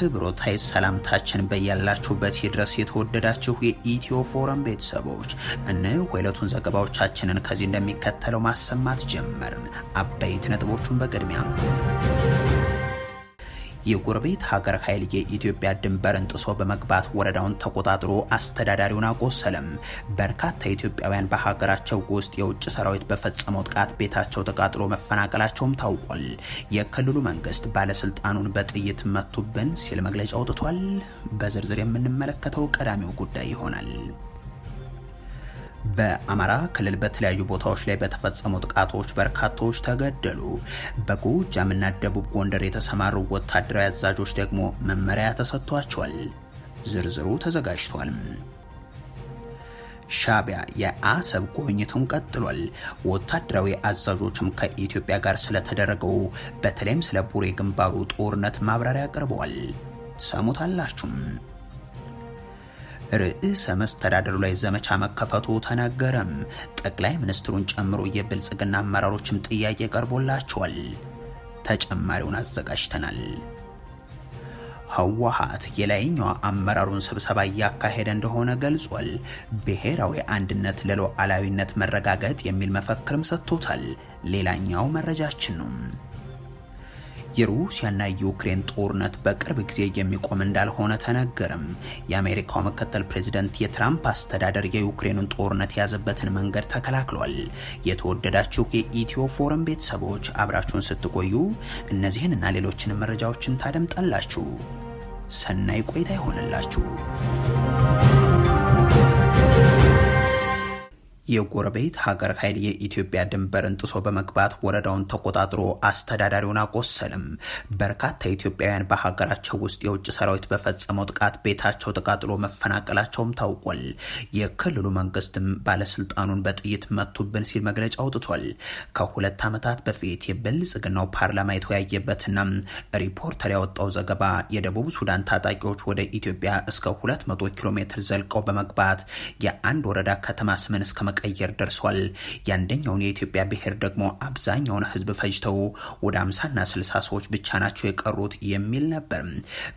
ክብሮታይ ሰላምታችን በያላችሁበት ይድረስ። የተወደዳችሁ የኢትዮ ፎረም ቤተሰቦች እነሆ የዕለቱን ዘገባዎቻችንን ከዚህ እንደሚከተለው ማሰማት ጀመርን። አበይት ነጥቦቹን በቅድሚያ የጎረቤት ሀገር ኃይል የኢትዮጵያ ድንበርን ጥሶ በመግባት ወረዳውን ተቆጣጥሮ አስተዳዳሪውን አቆሰለም። በርካታ ኢትዮጵያውያን በሀገራቸው ውስጥ የውጭ ሰራዊት በፈጸመው ጥቃት ቤታቸው ተቃጥሎ መፈናቀላቸውም ታውቋል። የክልሉ መንግስት ባለስልጣኑን በጥይት መቱብን ሲል መግለጫ አውጥቷል። በዝርዝር የምንመለከተው ቀዳሚው ጉዳይ ይሆናል። በአማራ ክልል በተለያዩ ቦታዎች ላይ በተፈጸሙ ጥቃቶች በርካቶች ተገደሉ። በጎጃምና ደቡብ ጎንደር የተሰማሩ ወታደራዊ አዛዦች ደግሞ መመሪያ ተሰጥቷቸዋል። ዝርዝሩ ተዘጋጅቷል። ሻቢያ የአሰብ ጉብኝቱን ቀጥሏል። ወታደራዊ አዛዦችም ከኢትዮጵያ ጋር ስለተደረገው በተለይም ስለ ቡሬ ግንባሩ ጦርነት ማብራሪያ አቅርበዋል። ሰሙታላችሁም። ርዕሰ መስተዳደሩ ላይ ዘመቻ መከፈቱ ተነገረም። ጠቅላይ ሚኒስትሩን ጨምሮ የብልጽግና አመራሮችም ጥያቄ ቀርቦላቸዋል። ተጨማሪውን አዘጋጅተናል። ህወሓት የላይኛው አመራሩን ስብሰባ እያካሄደ እንደሆነ ገልጿል። ብሔራዊ አንድነት ለሉዓላዊነት መረጋገጥ የሚል መፈክርም ሰጥቶታል። ሌላኛው መረጃችን ነው። የሩሲያና የዩክሬን ጦርነት በቅርብ ጊዜ የሚቆም እንዳልሆነ ተነገረም። የአሜሪካው ምክትል ፕሬዚደንት የትራምፕ አስተዳደር የዩክሬኑን ጦርነት የያዘበትን መንገድ ተከላክሏል። የተወደዳችሁ የኢትዮ ፎረም ቤተሰቦች አብራችሁን ስትቆዩ እነዚህን እና ሌሎችንም መረጃዎችን ታደምጣላችሁ። ሰናይ ቆይታ ይሆንላችሁ። የጎረቤት ሀገር ኃይል የኢትዮጵያ ድንበርን ጥሶ በመግባት ወረዳውን ተቆጣጥሮ አስተዳዳሪውን አቆሰልም። በርካታ ኢትዮጵያውያን በሀገራቸው ውስጥ የውጭ ሰራዊት በፈጸመው ጥቃት ቤታቸው ተቃጥሎ መፈናቀላቸውም ታውቋል። የክልሉ መንግስትም ባለስልጣኑን በጥይት መቱብን ሲል መግለጫ አውጥቷል። ከሁለት ዓመታት በፊት የብልጽግናው ፓርላማ የተወያየበትና ሪፖርተር ያወጣው ዘገባ የደቡብ ሱዳን ታጣቂዎች ወደ ኢትዮጵያ እስከ 200 ኪሎ ሜትር ዘልቀው በመግባት የአንድ ወረዳ ከተማ ስምን እስከ መቀየር ደርሷል። የአንደኛውን የኢትዮጵያ ብሔር ደግሞ አብዛኛውን ህዝብ ፈጅተው ወደ ና ስልሳ ሰዎች ብቻ ናቸው የቀሩት የሚል ነበር።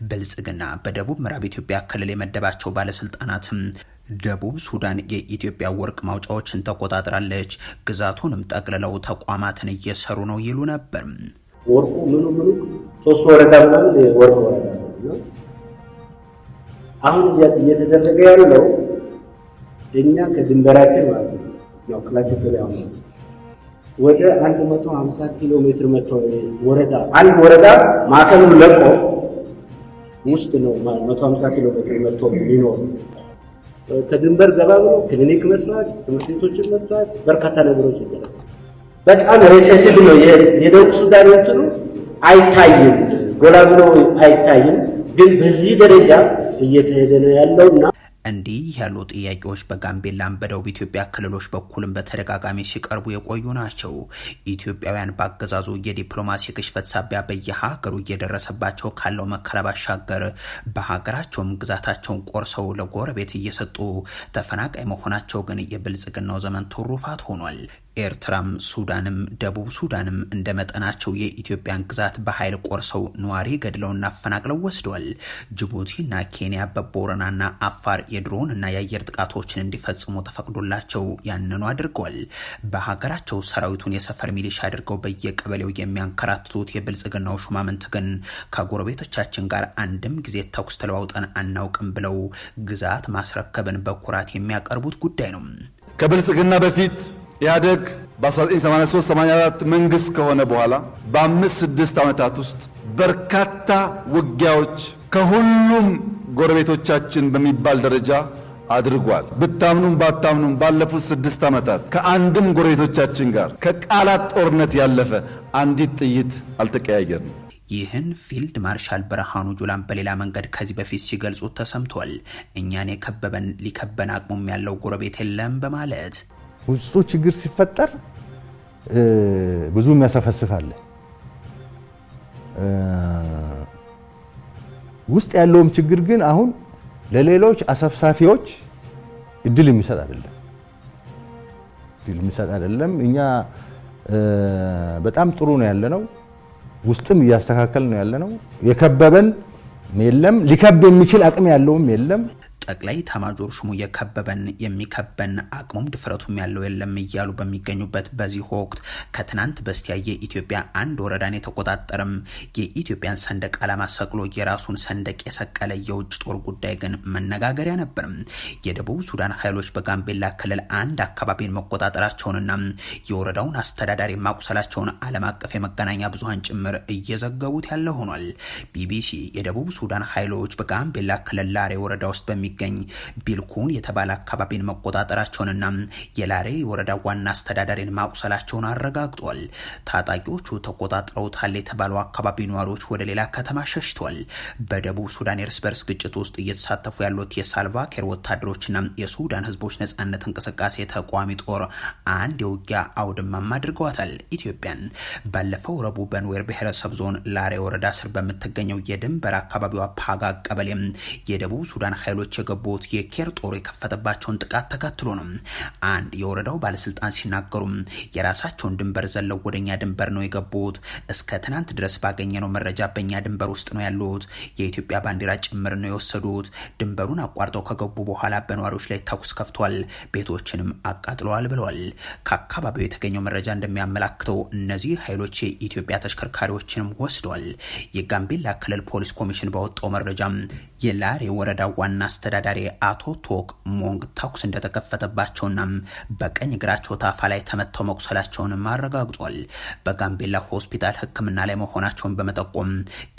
ብልጽግና በደቡብ ምዕራብ ኢትዮጵያ ክልል የመደባቸው ባለስልጣናትም ደቡብ ሱዳን የኢትዮጵያ ወርቅ ማውጫዎችን ተቆጣጥራለች፣ ግዛቱንም ጠቅልለው ተቋማትን እየሰሩ ነው ይሉ ነበር። ወርቁ ምኑ ምኑ ሶስት ወረዳ ወርቅ ወረዳ አሁን እየተደረገ ያለው እኛ ከድንበራችን ማለት ነው ያው ክላሲካል ያው ወደ 150 ኪሎ ሜትር መጥቶ ወረዳ አንድ ወረዳ ማዕከሉን ለቆ ውስጥ ነው 150 ኪሎ ሜትር መጥቶ የሚኖር ከድንበር ገባ ብሎ ክሊኒክ መስራት፣ ትምህርት ቤቶችን መስራት፣ በርካታ ነገሮች ይደረጋል። በጣም ሬሴሲቭ ነው የደቡብ ሱዳን እንትኑ አይታይም፣ ጎላ ብሎ አይታይም። ግን በዚህ ደረጃ እየተሄደ ነው ያለውና እንዲህ ያሉ ጥያቄዎች በጋምቤላም በደቡብ ኢትዮጵያ ክልሎች በኩልም በተደጋጋሚ ሲቀርቡ የቆዩ ናቸው። ኢትዮጵያውያን በአገዛዙ የዲፕሎማሲ ክሽፈት ሳቢያ በየሀገሩ እየደረሰባቸው ካለው መከራ ባሻገር በሀገራቸውም ግዛታቸውን ቆርሰው ለጎረቤት እየሰጡ ተፈናቃይ መሆናቸው ግን የብልጽግናው ዘመን ትሩፋት ሆኗል። ኤርትራም፣ ሱዳንም፣ ደቡብ ሱዳንም እንደ መጠናቸው የኢትዮጵያን ግዛት በኃይል ቆርሰው ነዋሪ ገድለውና አፈናቅለው ወስደዋል። ጅቡቲና ኬንያ በቦረናና አፋር የድሮንና የአየር ጥቃቶችን እንዲፈጽሙ ተፈቅዶላቸው ያንኑ አድርገዋል። በሀገራቸው ሰራዊቱን የሰፈር ሚሊሻ አድርገው በየቀበሌው የሚያንከራትቱት የብልጽግናው ሹማምንት ግን ከጎረቤቶቻችን ጋር አንድም ጊዜ ተኩስ ተለዋውጠን አናውቅም ብለው ግዛት ማስረከብን በኩራት የሚያቀርቡት ጉዳይ ነው። ከብልጽግና በፊት ኢህአደግ በ1983/84 መንግስት ከሆነ በኋላ በአምስት ስድስት ዓመታት ውስጥ በርካታ ውጊያዎች ከሁሉም ጎረቤቶቻችን በሚባል ደረጃ አድርጓል። ብታምኑም ባታምኑም ባለፉት ስድስት ዓመታት ከአንድም ጎረቤቶቻችን ጋር ከቃላት ጦርነት ያለፈ አንዲት ጥይት አልተቀያየርንም። ይህን ፊልድ ማርሻል ብርሃኑ ጁላን በሌላ መንገድ ከዚህ በፊት ሲገልጹ ተሰምቷል። እኛን የከበበን ሊከበን አቅሙም ያለው ጎረቤት የለም በማለት ውስጡ ችግር ሲፈጠር ብዙ የሚያሰፈስፋል ውስጥ ያለውም ችግር ግን አሁን ለሌሎች አሰፍሳፊዎች እድል የሚሰጥ አይደለም። እድል የሚሰጥ አይደለም። እኛ በጣም ጥሩ ነው ያለነው፣ ውስጥም እያስተካከል ነው ነው። የከበበን የለም፣ ሊከብ የሚችል አቅም ያለውም የለም። ጠቅላይ ኤታማዦር ሹሙ የከበበን የሚከበን አቅሙም ድፍረቱም ያለው የለም እያሉ በሚገኙበት በዚህ ወቅት ከትናንት በስቲያ የኢትዮጵያ አንድ ወረዳን የተቆጣጠረም የኢትዮጵያን ሰንደቅ ዓላማ ሰቅሎ የራሱን ሰንደቅ የሰቀለ የውጭ ጦር ጉዳይ ግን መነጋገሪያ ነበርም። የደቡብ ሱዳን ኃይሎች በጋምቤላ ክልል አንድ አካባቢን መቆጣጠራቸውንና የወረዳውን አስተዳዳሪ ማቁሰላቸውን ዓለም አቀፍ የመገናኛ ብዙሃን ጭምር እየዘገቡት ያለ ሆኗል። ቢቢሲ የደቡብ ሱዳን ኃይሎች በጋምቤላ ክልል ላሬ ወረዳ ውስጥ በሚ የሚገኝ ቢልኩን የተባለ አካባቢን መቆጣጠራቸውንና የላሬ ወረዳ ዋና አስተዳዳሪን ማቁሰላቸውን አረጋግጧል። ታጣቂዎቹ ተቆጣጥረውታል የተባለው አካባቢ ነዋሪዎች ወደ ሌላ ከተማ ሸሽቷል። በደቡብ ሱዳን የእርስ በርስ ግጭት ውስጥ እየተሳተፉ ያሉት የሳልቫ ኬር ወታደሮችና የሱዳን ህዝቦች ነጻነት እንቅስቃሴ ተቋሚ ጦር አንድ የውጊያ አውድማም አድርገዋታል። ኢትዮጵያን ባለፈው ረቡዕ በኑዌር ብሔረሰብ ዞን ላሬ ወረዳ ስር በምትገኘው የድንበር አካባቢዋ ፓጋ ቀበሌም የደቡብ ሱዳን ኃይሎች የገቡት የኬር ጦር የከፈተባቸውን ጥቃት ተከትሎ ነው። አንድ የወረዳው ባለስልጣን ሲናገሩም የራሳቸውን ድንበር ዘለው ወደኛ ድንበር ነው የገቡት። እስከ ትናንት ድረስ ባገኘነው መረጃ በኛ ድንበር ውስጥ ነው ያሉት። የኢትዮጵያ ባንዲራ ጭምር ነው የወሰዱት። ድንበሩን አቋርጠው ከገቡ በኋላ በነዋሪዎች ላይ ተኩስ ከፍቷል፣ ቤቶችንም አቃጥለዋል ብለዋል። ከአካባቢው የተገኘው መረጃ እንደሚያመላክተው እነዚህ ኃይሎች የኢትዮጵያ ተሽከርካሪዎችንም ወስደዋል። የጋምቤላ ክልል ፖሊስ ኮሚሽን ባወጣው መረጃ የላሬ ወረዳ ዋና አስተዳደ አስተዳዳሪ አቶ ቶክ ሞንግ ተኩስ እንደተከፈተባቸውና በቀኝ እግራቸው ታፋ ላይ ተመተው መቁሰላቸውንም አረጋግጧል። በጋምቤላ ሆስፒታል ሕክምና ላይ መሆናቸውን በመጠቆም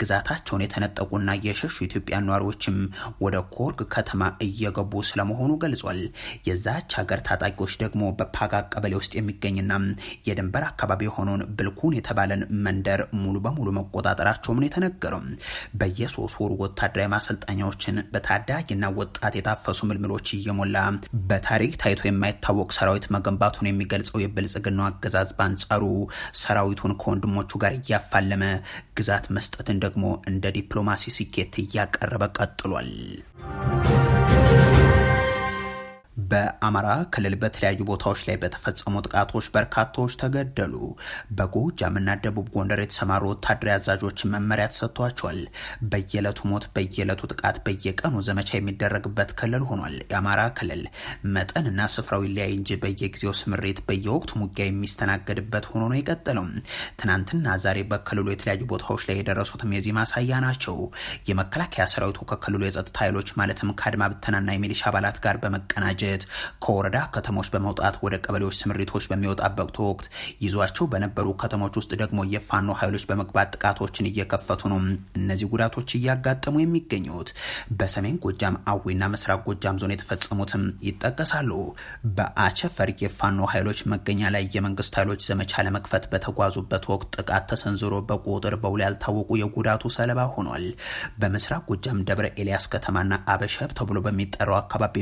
ግዛታቸውን የተነጠቁና የሸሹ ኢትዮጵያ ነዋሪዎችም ወደ ኮርግ ከተማ እየገቡ ስለመሆኑ ገልጿል። የዛች ሀገር ታጣቂዎች ደግሞ በፓጋ ቀበሌ ውስጥ የሚገኝና የድንበር አካባቢ የሆነውን ብልኩን የተባለን መንደር ሙሉ በሙሉ መቆጣጠራቸውም ነው የተነገረው። በየሶስት ወር ወታደራዊ ማሰልጠኛዎችን በታዳጊና ወጣት የታፈሱ ምልምሎች እየሞላ በታሪክ ታይቶ የማይታወቅ ሰራዊት መገንባቱን የሚገልጸው የብልጽግናው አገዛዝ በአንጻሩ ሰራዊቱን ከወንድሞቹ ጋር እያፋለመ ግዛት መስጠትን ደግሞ እንደ ዲፕሎማሲ ስኬት እያቀረበ ቀጥሏል። በአማራ ክልል በተለያዩ ቦታዎች ላይ በተፈጸሙ ጥቃቶች በርካታዎች ተገደሉ። በጎጃምና ደቡብ ጎንደር የተሰማሩ ወታደራዊ አዛዦች መመሪያ ተሰጥቷቸዋል። በየዕለቱ ሞት፣ በየዕለቱ ጥቃት፣ በየቀኑ ዘመቻ የሚደረግበት ክልል ሆኗል። የአማራ ክልል መጠንና ስፍራው ይለያይ እንጂ በየጊዜው ስምሪት፣ በየወቅቱ ሙጊያ የሚስተናገድበት ሆኖ ነው የቀጠለው። ትናንትና ዛሬ በክልሉ የተለያዩ ቦታዎች ላይ የደረሱትም የዚህ ማሳያ ናቸው። የመከላከያ ሰራዊቱ ከክልሉ የጸጥታ ኃይሎች ማለትም ከአድማ ብተናና የሚሊሻ አባላት ጋር በመቀናጀ ድርጅት ከወረዳ ከተሞች በመውጣት ወደ ቀበሌዎች ስምሪቶች በሚወጣበት ወቅት ይዟቸው በነበሩ ከተሞች ውስጥ ደግሞ የፋኖ ኃይሎች በመግባት ጥቃቶችን እየከፈቱ ነው። እነዚህ ጉዳቶች እያጋጠሙ የሚገኙት በሰሜን ጎጃም አዊና ምስራቅ ጎጃም ዞን የተፈጸሙትም ይጠቀሳሉ። በአቸፈር የፋኖ ኃይሎች መገኛ ላይ የመንግስት ኃይሎች ዘመቻ ለመክፈት በተጓዙበት ወቅት ጥቃት ተሰንዝሮ በቁጥር በውል ያልታወቁ የጉዳቱ ሰለባ ሆኗል። በምስራቅ ጎጃም ደብረ ኤልያስ ከተማና አበሸብ ተብሎ በሚጠራው አካባቢ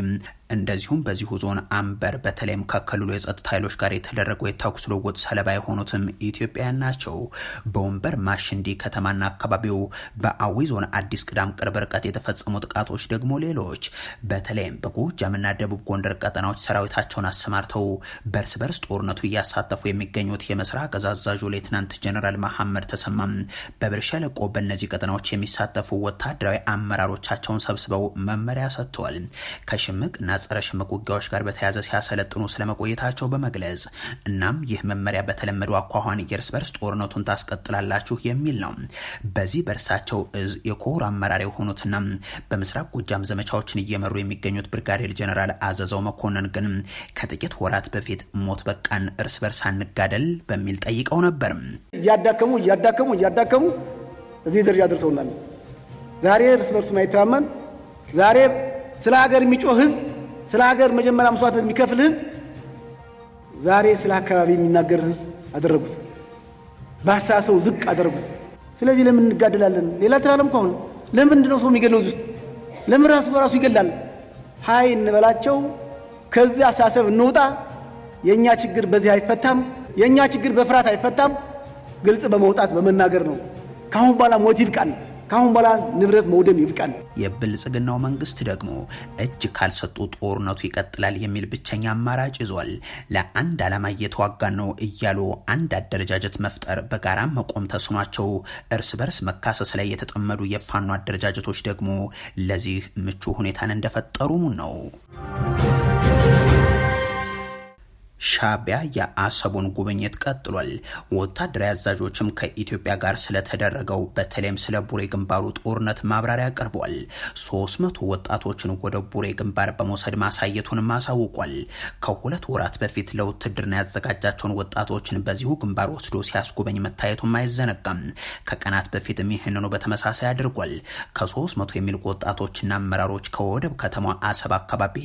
እንደዚሁም በዚሁ ዞን አንበር በተለይም ከክልሉ የጸጥታ ኃይሎች ጋር የተደረገው የተኩስ ልውውጥ ሰለባ የሆኑትም ኢትዮጵያውያን ናቸው። በወንበር ማሽንዲ ከተማና አካባቢው፣ በአዊ ዞን አዲስ ቅዳም ቅርብ ርቀት የተፈጸሙ ጥቃቶች ደግሞ ሌሎች። በተለይም በጎጃምና ደቡብ ጎንደር ቀጠናዎች ሰራዊታቸውን አሰማርተው በርስ በርስ ጦርነቱ እያሳተፉ የሚገኙት የምስራቅ እዝ አዛዡ ሌትናንት ጀነራል መሐመድ ተሰማም በብር ሸለቆ በእነዚህ ቀጠናዎች የሚሳተፉ ወታደራዊ አመራሮቻቸውን ሰብስበው መመሪያ ሰጥተዋል። ከሽምቅና ጸረ ሽምቅ ውጊያዎች ጋር በተያያዘ ሲያሰለጥኑ ስለመቆየታቸው በመግለጽ እናም ይህ መመሪያ በተለመደው አኳኋን የእርስ በርስ ጦርነቱን ታስቀጥላላችሁ የሚል ነው። በዚህ በእርሳቸው እዝ የኮር አመራር የሆኑትና በምስራቅ ጎጃም ዘመቻዎችን እየመሩ የሚገኙት ብርጋዴር ጀነራል አዘዘው መኮንን ግን ከጥቂት ወራት በፊት ሞት በቃን እርስ በርስ አንጋደል በሚል ጠይቀው ነበር። እያዳከሙ እያዳከሙ እያዳከሙ እዚህ ደረጃ ደርሰውናል። ዛሬ እርስ በርሱ ማይተማመን ዛሬ ስለ ሀገር የሚጮህ ህዝብ ስለ ሀገር መጀመሪያ መስዋዕት የሚከፍል ህዝብ ዛሬ ስለ አካባቢ የሚናገር ህዝብ አደረጉት። በአስተሳሰቡ ዝቅ አደረጉት። ስለዚህ ለምን እንጋደላለን? ሌላ ትላለም ከሆነ ለምንድን ነው ሰው የሚገድለው? ውስጥ ለምን ራሱ በራሱ ይገላል? ሀይ እንበላቸው፣ ከዚህ አስተሳሰብ እንውጣ። የእኛ ችግር በዚህ አይፈታም። የእኛ ችግር በፍርሃት አይፈታም። ግልጽ በመውጣት በመናገር ነው። ከአሁን በኋላ ሞት ይብቃል። ካሁን በላ ንብረት መውደም ይብቃል። የብልጽግናው መንግስት ደግሞ እጅ ካልሰጡ ጦርነቱ ይቀጥላል የሚል ብቸኛ አማራጭ ይዟል። ለአንድ ዓላማ እየተዋጋን ነው እያሉ አንድ አደረጃጀት መፍጠር፣ በጋራ መቆም ተስኗቸው እርስ በርስ መካሰስ ላይ የተጠመዱ የፋኖ አደረጃጀቶች ደግሞ ለዚህ ምቹ ሁኔታን እንደፈጠሩ ነው። ሻቢያ የአሰቡን ጉብኝት ቀጥሏል። ወታደራዊ አዛዦችም ከኢትዮጵያ ጋር ስለተደረገው በተለይም ስለ ቡሬ ግንባሩ ጦርነት ማብራሪያ ቀርቧል። ሶስት መቶ ወጣቶችን ወደ ቡሬ ግንባር በመውሰድ ማሳየቱንም አሳውቋል። ከሁለት ወራት በፊት ለውትድርና ያዘጋጃቸውን ወጣቶችን በዚሁ ግንባር ወስዶ ሲያስጎበኝ መታየቱም አይዘነጋም። ከቀናት በፊትም ይህንኑ በተመሳሳይ አድርጓል። ከሶስት መቶ የሚልቁ ወጣቶችና አመራሮች ከወደብ ከተማ አሰብ አካባቢ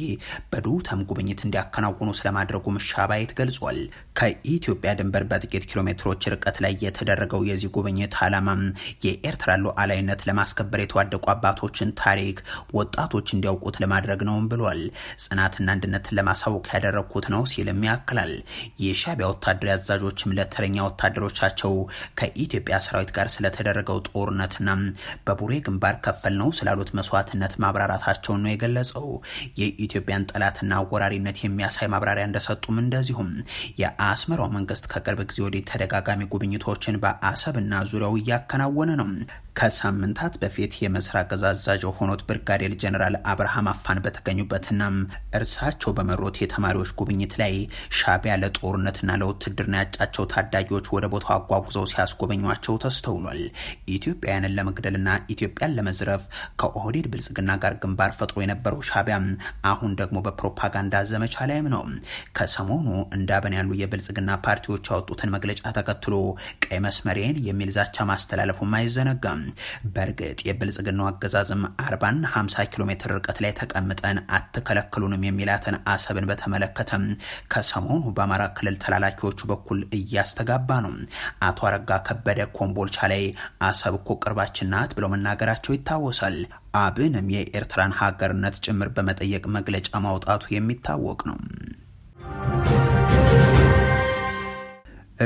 በዱተም ጉብኝት እንዲያከናውኑ ስለማድረጉ ምሻ አባይት ገልጿል። ከኢትዮጵያ ድንበር በጥቂት ኪሎ ሜትሮች ርቀት ላይ የተደረገው የዚህ ጉብኝት ዓላማ የኤርትራ ሉዓላዊነት ለማስከበር የተዋደቁ አባቶችን ታሪክ ወጣቶች እንዲያውቁት ለማድረግ ነውም ብሏል። ጽናትና አንድነትን ለማሳወቅ ያደረግኩት ነው ሲልም ያክላል። የሻቢያ ወታደራዊ አዛዦችም ለተረኛ ወታደሮቻቸው ከኢትዮጵያ ሰራዊት ጋር ስለተደረገው ጦርነትና በቡሬ ግንባር ከፈል ነው ስላሉት መስዋዕትነት ማብራራታቸውን ነው የገለጸው። የኢትዮጵያን ጠላትና ወራሪነት የሚያሳይ ማብራሪያ እንደሰጡም እንደ እንደዚሁም የአስመራው መንግስት ከቅርብ ጊዜ ወዲህ ተደጋጋሚ ጉብኝቶችን በአሰብና ዙሪያው እያከናወነ ነው። ከሳምንታት በፊት የምስራቅ እዝ አዛዥ የሆኑት ብርጋዴር ጀኔራል አብርሃም አፋን በተገኙበትና እርሳቸው በመሩት የተማሪዎች ጉብኝት ላይ ሻቢያ ለጦርነትና ለውትድርና ያጫቸው ታዳጊዎች ወደ ቦታው አጓጉዘው ሲያስጎበኟቸው ተስተውሏል። ኢትዮጵያውያንን ለመግደልና ኢትዮጵያን ለመዝረፍ ከኦህዴድ ብልጽግና ጋር ግንባር ፈጥሮ የነበረው ሻቢያ አሁን ደግሞ በፕሮፓጋንዳ ዘመቻ ላይም ነው። ከሰሞኑ እንዳበን ያሉ የብልጽግና ፓርቲዎች ያወጡትን መግለጫ ተከትሎ ቀይ መስመሬን የሚል ዛቻ ማስተላለፉም አይዘነጋም። በእርግጥ የብልጽግናው አገዛዝም አርባና ሀምሳ ኪሎ ሜትር ርቀት ላይ ተቀምጠን አትከለክሉንም የሚላትን አሰብን በተመለከተም ከሰሞኑ በአማራ ክልል ተላላኪዎቹ በኩል እያስተጋባ ነው። አቶ አረጋ ከበደ ኮምቦልቻ ላይ አሰብ እኮ ቅርባችን ናት ብለው መናገራቸው ይታወሳል። አብንም የኤርትራን ሀገርነት ጭምር በመጠየቅ መግለጫ ማውጣቱ የሚታወቅ ነው።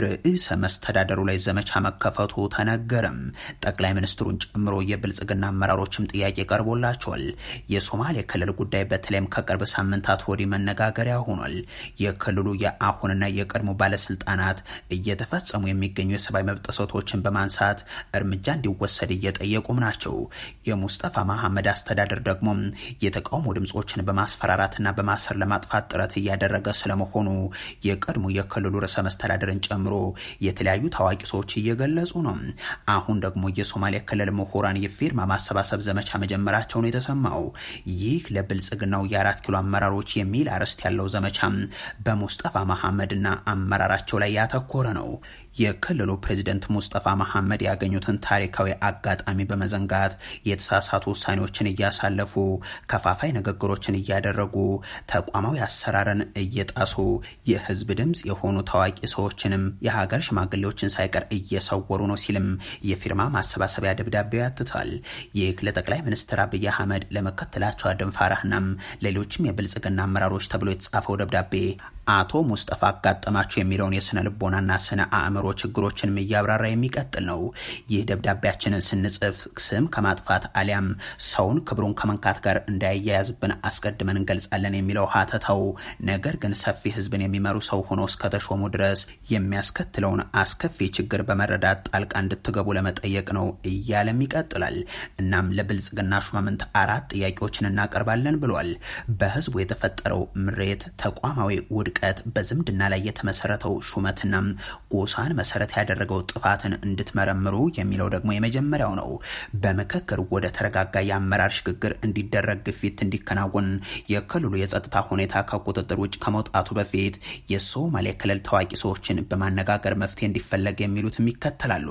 ርዕሰ መስተዳደሩ ላይ ዘመቻ መከፈቱ ተነገረም። ጠቅላይ ሚኒስትሩን ጨምሮ የብልጽግና አመራሮችም ጥያቄ ቀርቦላቸዋል። የሶማሌ ክልል ጉዳይ በተለይም ከቅርብ ሳምንታት ወዲህ መነጋገሪያ ሆኗል። የክልሉ የአሁንና የቀድሞ ባለስልጣናት እየተፈጸሙ የሚገኙ የሰብአዊ መብት ጥሰቶችን በማንሳት እርምጃ እንዲወሰድ እየጠየቁም ናቸው። የሙስጠፋ መሐመድ አስተዳደር ደግሞ የተቃውሞ ድምፆችን በማስፈራራትና በማሰር ለማጥፋት ጥረት እያደረገ ስለመሆኑ የቀድሞ የክልሉ ርዕሰ መስተዳደርን ጨምሮ ጨምሮ የተለያዩ ታዋቂ ሰዎች እየገለጹ ነው። አሁን ደግሞ የሶማሌ ክልል ምሁራን የፊርማ ማሰባሰብ ዘመቻ መጀመራቸው ነው የተሰማው። ይህ ለብልጽግናው የአራት ኪሎ አመራሮች የሚል አርዕስት ያለው ዘመቻ በሙስጠፋ መሐመድና አመራራቸው ላይ ያተኮረ ነው። የክልሉ ፕሬዚደንት ሙስጠፋ መሐመድ ያገኙትን ታሪካዊ አጋጣሚ በመዘንጋት የተሳሳቱ ውሳኔዎችን እያሳለፉ ከፋፋይ ንግግሮችን እያደረጉ ተቋማዊ አሰራርን እየጣሱ የህዝብ ድምፅ የሆኑ ታዋቂ ሰዎችንም የሀገር ሽማግሌዎችን ሳይቀር እየሰወሩ ነው ሲልም የፊርማ ማሰባሰቢያ ደብዳቤ ያትታል። ይህ ለጠቅላይ ሚኒስትር አብይ አህመድ ለመከተላቸው አደም ፋራህናም ሌሎችም የብልጽግና አመራሮች ተብሎ የተጻፈው ደብዳቤ አቶ ሙስጠፋ አጋጠማቸው የሚለውን የስነ ልቦናና ስነ አእምሮ ችግሮችንም እያብራራ የሚቀጥል ነው። ይህ ደብዳቤያችንን ስንጽፍ ስም ከማጥፋት አሊያም ሰውን ክብሩን ከመንካት ጋር እንዳያያዝብን አስቀድመን እንገልጻለን የሚለው ሀተታው፣ ነገር ግን ሰፊ ህዝብን የሚመሩ ሰው ሆኖ እስከተሾሙ ድረስ የሚያስከትለውን አስከፊ ችግር በመረዳት ጣልቃ እንድትገቡ ለመጠየቅ ነው እያለም ይቀጥላል። እናም ለብልጽግና ሹማምንት አራት ጥያቄዎችን እናቀርባለን ብሏል። በህዝቡ የተፈጠረው ምሬት ተቋማዊ ውድ ውድቀት በዝምድና ላይ የተመሰረተው ሹመትና ጎሳን መሰረት ያደረገው ጥፋትን እንድትመረምሩ የሚለው ደግሞ የመጀመሪያው ነው። በምክክር ወደ ተረጋጋ የአመራር ሽግግር እንዲደረግ ግፊት እንዲከናወን የክልሉ የጸጥታ ሁኔታ ከቁጥጥር ውጭ ከመውጣቱ በፊት የሶማሌ ክልል ታዋቂ ሰዎችን በማነጋገር መፍትሄ እንዲፈለግ የሚሉትም ይከተላሉ።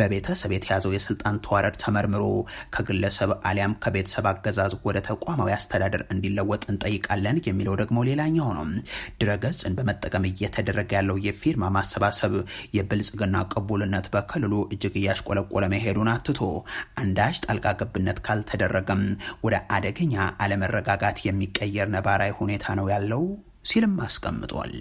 በቤተሰብ የተያዘው የስልጣን ተዋረድ ተመርምሮ ከግለሰብ አሊያም ከቤተሰብ አገዛዝ ወደ ተቋማዊ አስተዳደር እንዲለወጥ እንጠይቃለን የሚለው ደግሞ ሌላኛው ነው። ድረገጽን በመጠቀም እየተደረገ ያለው የፊርማ ማሰባሰብ የብልጽግና ቅቡልነት በክልሉ እጅግ እያሽቆለቆለ መሄዱን አትቶ አንዳች ጣልቃ ገብነት ካልተደረገም ወደ አደገኛ አለመረጋጋት የሚቀየር ነባራዊ ሁኔታ ነው ያለው ሲልም አስቀምጧል።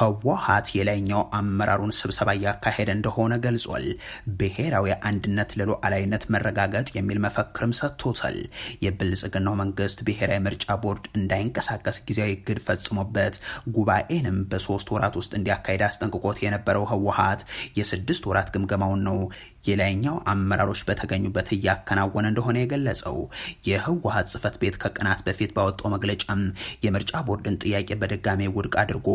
ህወሀት የላይኛው አመራሩን ስብሰባ እያካሄደ እንደሆነ ገልጿል። ብሔራዊ አንድነት ለሉዓላዊነት መረጋገጥ የሚል መፈክርም ሰጥቶታል። የብልጽግናው መንግስት ብሔራዊ ምርጫ ቦርድ እንዳይንቀሳቀስ ጊዜያዊ እግድ ፈጽሞበት ጉባኤንም በሶስት ወራት ውስጥ እንዲያካሄድ አስጠንቅቆት የነበረው ህወሀት የስድስት ወራት ግምገማውን ነው የላይኛው አመራሮች በተገኙበት እያከናወነ እንደሆነ የገለጸው የህወሀት ጽህፈት ቤት ከቀናት በፊት ባወጣው መግለጫም የምርጫ ቦርድን ጥያቄ በድጋሜ ውድቅ አድርጎ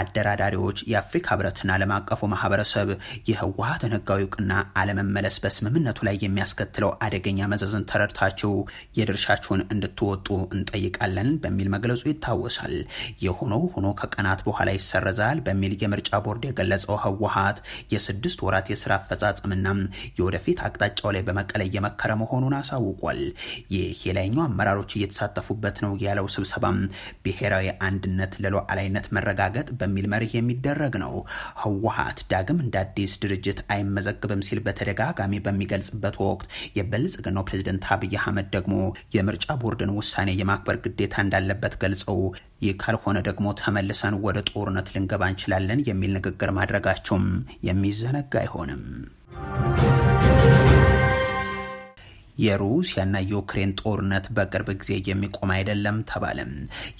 አደራዳሪዎች የአፍሪካ ህብረትና ዓለም አቀፉ ማህበረሰብ የህወሀትን ህጋዊ እውቅና አለመመለስ በስምምነቱ ላይ የሚያስከትለው አደገኛ መዘዝን ተረድታችሁ የድርሻችሁን እንድትወጡ እንጠይቃለን በሚል መግለጹ ይታወሳል። የሆኖ ሆኖ ከቀናት በኋላ ይሰረዛል በሚል የምርጫ ቦርድ የገለጸው ህወሀት የስድስት ወራት የስራ አፈጻጸምና የወደፊት አቅጣጫው ላይ በመቀለ እየመከረ መሆኑን አሳውቋል። ይህ የላይኛው አመራሮች እየተሳተፉበት ነው ያለው ስብሰባ ብሔራዊ አንድነት ለሉዓላዊነት መረጋገጥ በሚል መርህ የሚደረግ ነው። ህወሓት ዳግም እንደ አዲስ ድርጅት አይመዘግብም ሲል በተደጋጋሚ በሚገልጽበት ወቅት የብልጽግናው ፕሬዝደንት አብይ አህመድ ደግሞ የምርጫ ቦርድን ውሳኔ የማክበር ግዴታ እንዳለበት ገልጸው ይህ ካልሆነ ደግሞ ተመልሰን ወደ ጦርነት ልንገባ እንችላለን የሚል ንግግር ማድረጋቸውም የሚዘነጋ አይሆንም። የሩሲያና የዩክሬን ጦርነት በቅርብ ጊዜ የሚቆም አይደለም ተባለም።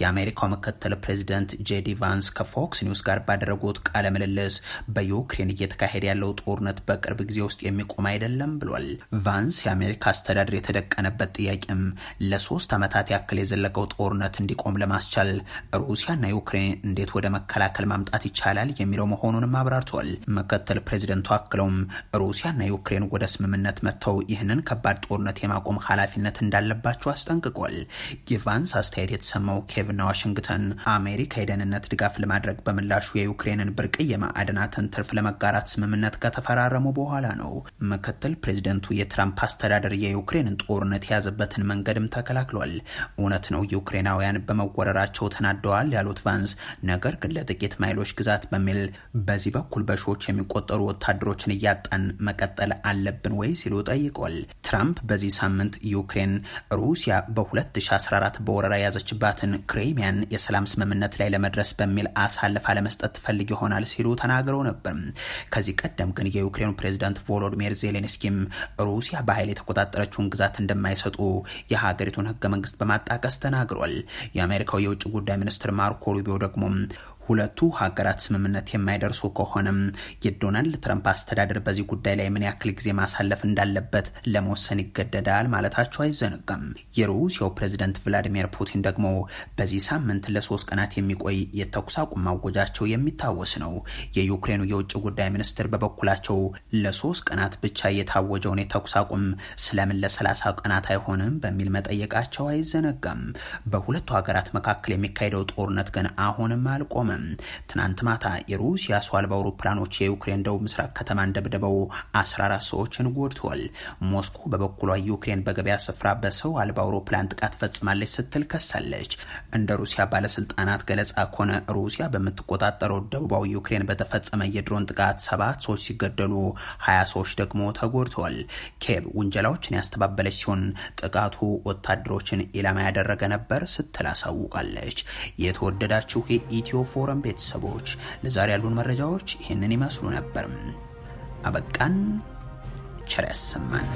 የአሜሪካው ምክትል ፕሬዚደንት ጄዲ ቫንስ ከፎክስ ኒውስ ጋር ባደረጉት ቃለ ምልልስ በዩክሬን እየተካሄደ ያለው ጦርነት በቅርብ ጊዜ ውስጥ የሚቆም አይደለም ብሏል። ቫንስ የአሜሪካ አስተዳደር የተደቀነበት ጥያቄም ለሶስት ዓመታት ያክል የዘለቀው ጦርነት እንዲቆም ለማስቻል ሩሲያና ዩክሬን እንዴት ወደ መከላከል ማምጣት ይቻላል የሚለው መሆኑንም አብራርቷል። ምክትል ፕሬዚደንቱ አክለውም ሩሲያና ዩክሬን ወደ ስምምነት መጥተው ይህንን ከባድ ጦርነት ጦርነት የማቆም ኃላፊነት እንዳለባቸው አስጠንቅቋል። ጊቫንስ አስተያየት የተሰማው ኬቭና ዋሽንግተን አሜሪካ የደህንነት ድጋፍ ለማድረግ በምላሹ የዩክሬንን ብርቅ ማዕድናትን ትርፍ ለመጋራት ስምምነት ከተፈራረሙ በኋላ ነው። ምክትል ፕሬዚደንቱ የትራምፕ አስተዳደር የዩክሬንን ጦርነት የያዘበትን መንገድም ተከላክሏል። እውነት ነው ዩክሬናውያን በመወረራቸው ተናደዋል ያሉት ቫንስ፣ ነገር ግን ለጥቂት ማይሎች ግዛት በሚል በዚህ በኩል በሺዎች የሚቆጠሩ ወታደሮችን እያጣን መቀጠል አለብን ወይ ሲሉ ጠይቋል። ትራምፕ በ በዚህ ሳምንት ዩክሬን ሩሲያ በ2014 በወረራ የያዘችባትን ክሬሚያን የሰላም ስምምነት ላይ ለመድረስ በሚል አሳልፋ ለመስጠት ትፈልግ ይሆናል ሲሉ ተናግረው ነበር። ከዚህ ቀደም ግን የዩክሬኑ ፕሬዚዳንት ቮሎዲሚር ዜሌንስኪም ሩሲያ በኃይል የተቆጣጠረችውን ግዛት እንደማይሰጡ የሀገሪቱን ህገ መንግስት በማጣቀስ ተናግሯል። የአሜሪካው የውጭ ጉዳይ ሚኒስትር ማርኮ ሩቢዮ ደግሞ ሁለቱ ሀገራት ስምምነት የማይደርሱ ከሆነም የዶናልድ ትረምፕ አስተዳደር በዚህ ጉዳይ ላይ ምን ያክል ጊዜ ማሳለፍ እንዳለበት ለመወሰን ይገደዳል ማለታቸው አይዘነጋም። የሩሲያው ፕሬዚደንት ቭላዲሚር ፑቲን ደግሞ በዚህ ሳምንት ለሶስት ቀናት የሚቆይ የተኩስ አቁም ማወጃቸው የሚታወስ ነው። የዩክሬኑ የውጭ ጉዳይ ሚኒስትር በበኩላቸው ለሶስት ቀናት ብቻ የታወጀውን የተኩስ አቁም ስለምን ለሰላሳ ቀናት አይሆንም በሚል መጠየቃቸው አይዘነጋም። በሁለቱ ሀገራት መካከል የሚካሄደው ጦርነት ግን አሁንም አልቆመም። ትናንት ማታ የሩሲያ ሰው አልባ አውሮፕላኖች የዩክሬን ደቡብ ምስራቅ ከተማን ደብድበው 14 ሰዎችን ጎድተዋል። ሞስኮ በበኩሏ ዩክሬን በገበያ ስፍራ በሰው አልባ አውሮፕላን ጥቃት ፈጽማለች ስትል ከሳለች። እንደ ሩሲያ ባለስልጣናት ገለጻ ከሆነ ሩሲያ በምትቆጣጠረው ደቡባዊ ዩክሬን በተፈጸመ የድሮን ጥቃት ሰባት ሰዎች ሲገደሉ 20 ሰዎች ደግሞ ተጎድተዋል። ኬብ ውንጀላዎችን ያስተባበለች ሲሆን ጥቃቱ ወታደሮችን ኢላማ ያደረገ ነበር ስትል አሳውቃለች። የተወደዳችሁ የኢትዮ ፎረም ቤተሰቦች ለዛሬ ያሉን መረጃዎች ይህንን ይመስሉ ነበር። አበቃን። ቸር ያሰማን።